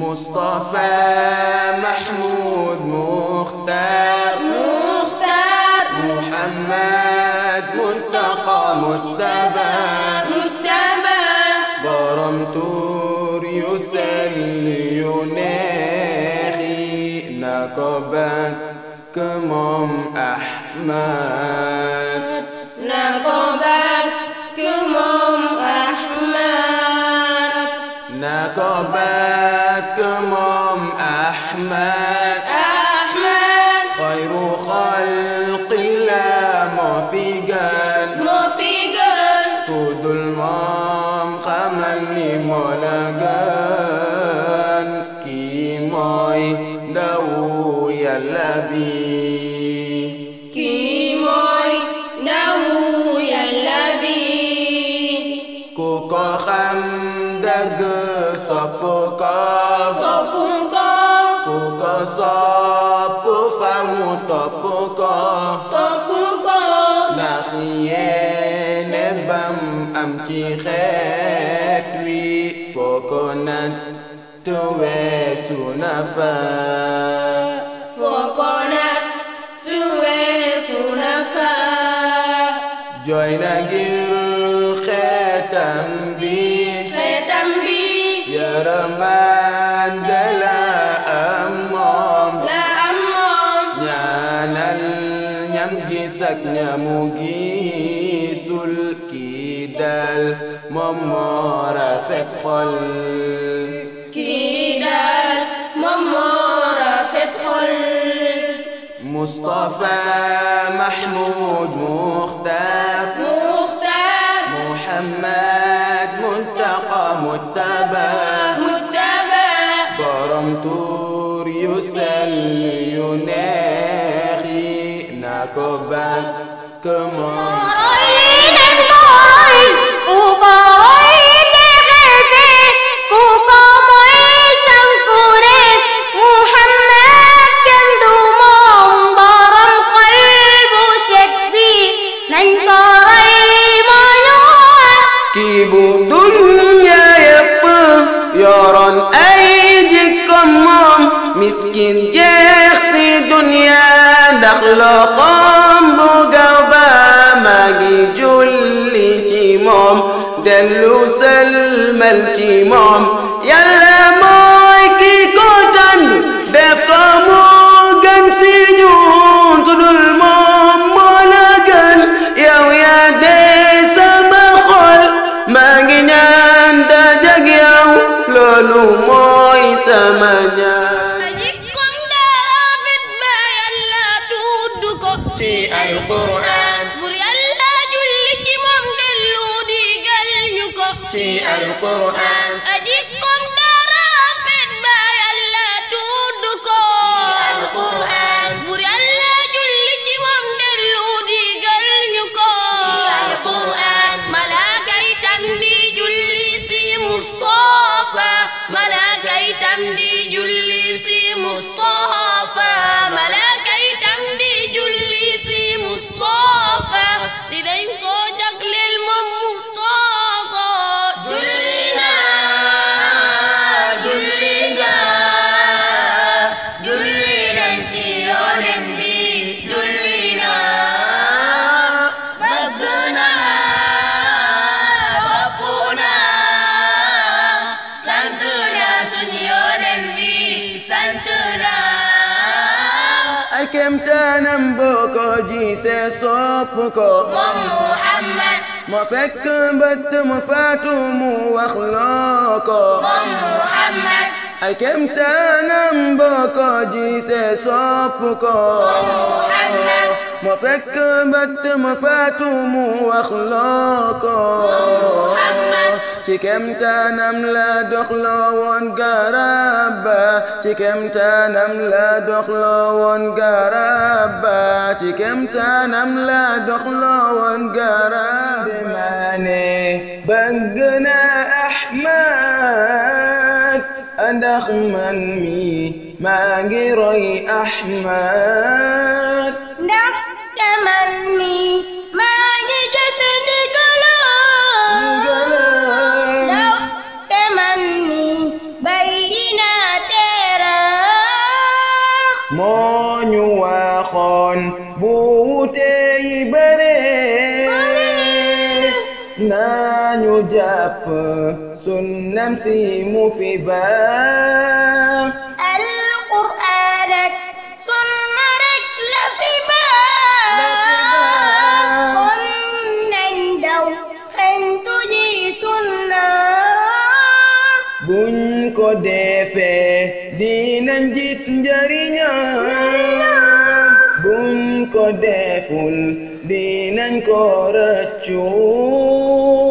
مصطفى محمود مختار مختار محمد منتقى متبع متبع برمتور يسلي يناخي نقبا كمم أحمد نقبا كمم أحمد نقبا أحمد أحمد خير خلق الله ما في جن ما في جن تود المام خمن لمولغان كي دو كي ماي دو يلا بي كوكا خندق làm chi khép vì vô con nát tu về su na pha vô con nát tu về su na pha joy na gil khetam bi khetam bi ya raman dala amom la amom nyanan nyam gi sak nyamugi كيدال ممارا فقل كيدال ممارا فقل مصطفى محمود مختار مختار محمد منتقى متبع متبع برمتور يسل يناخي نعكبا كمان ibu dunya yaran ayjikom mom miskin jeksi dunya dakhloqom bu gawba magi julli chimom delu selmal chimom yalla ànd ak yow loolu mooy sama ñaan need you حكمت نمبوك جيس صوبك ومحمد مفك بت مفاتم واخلاق ومحمد حكمت نمبوك جيس صوبك ومحمد مفك بت مفاتم واخلاق cikemtaanam la doxloo woon garab ba cikemtaanam la doxloo woon garab ba cikemtaanam la doxloo woon garab bi maane bëgg naa Ahmad ndax man mi maa ngi roy Ahmad ndax man mi monyuwa kon buutey bare nañu jàpp sunnam si mu fi ba buñ ko dee nanjit jarinya bun ko deful di nan ko racun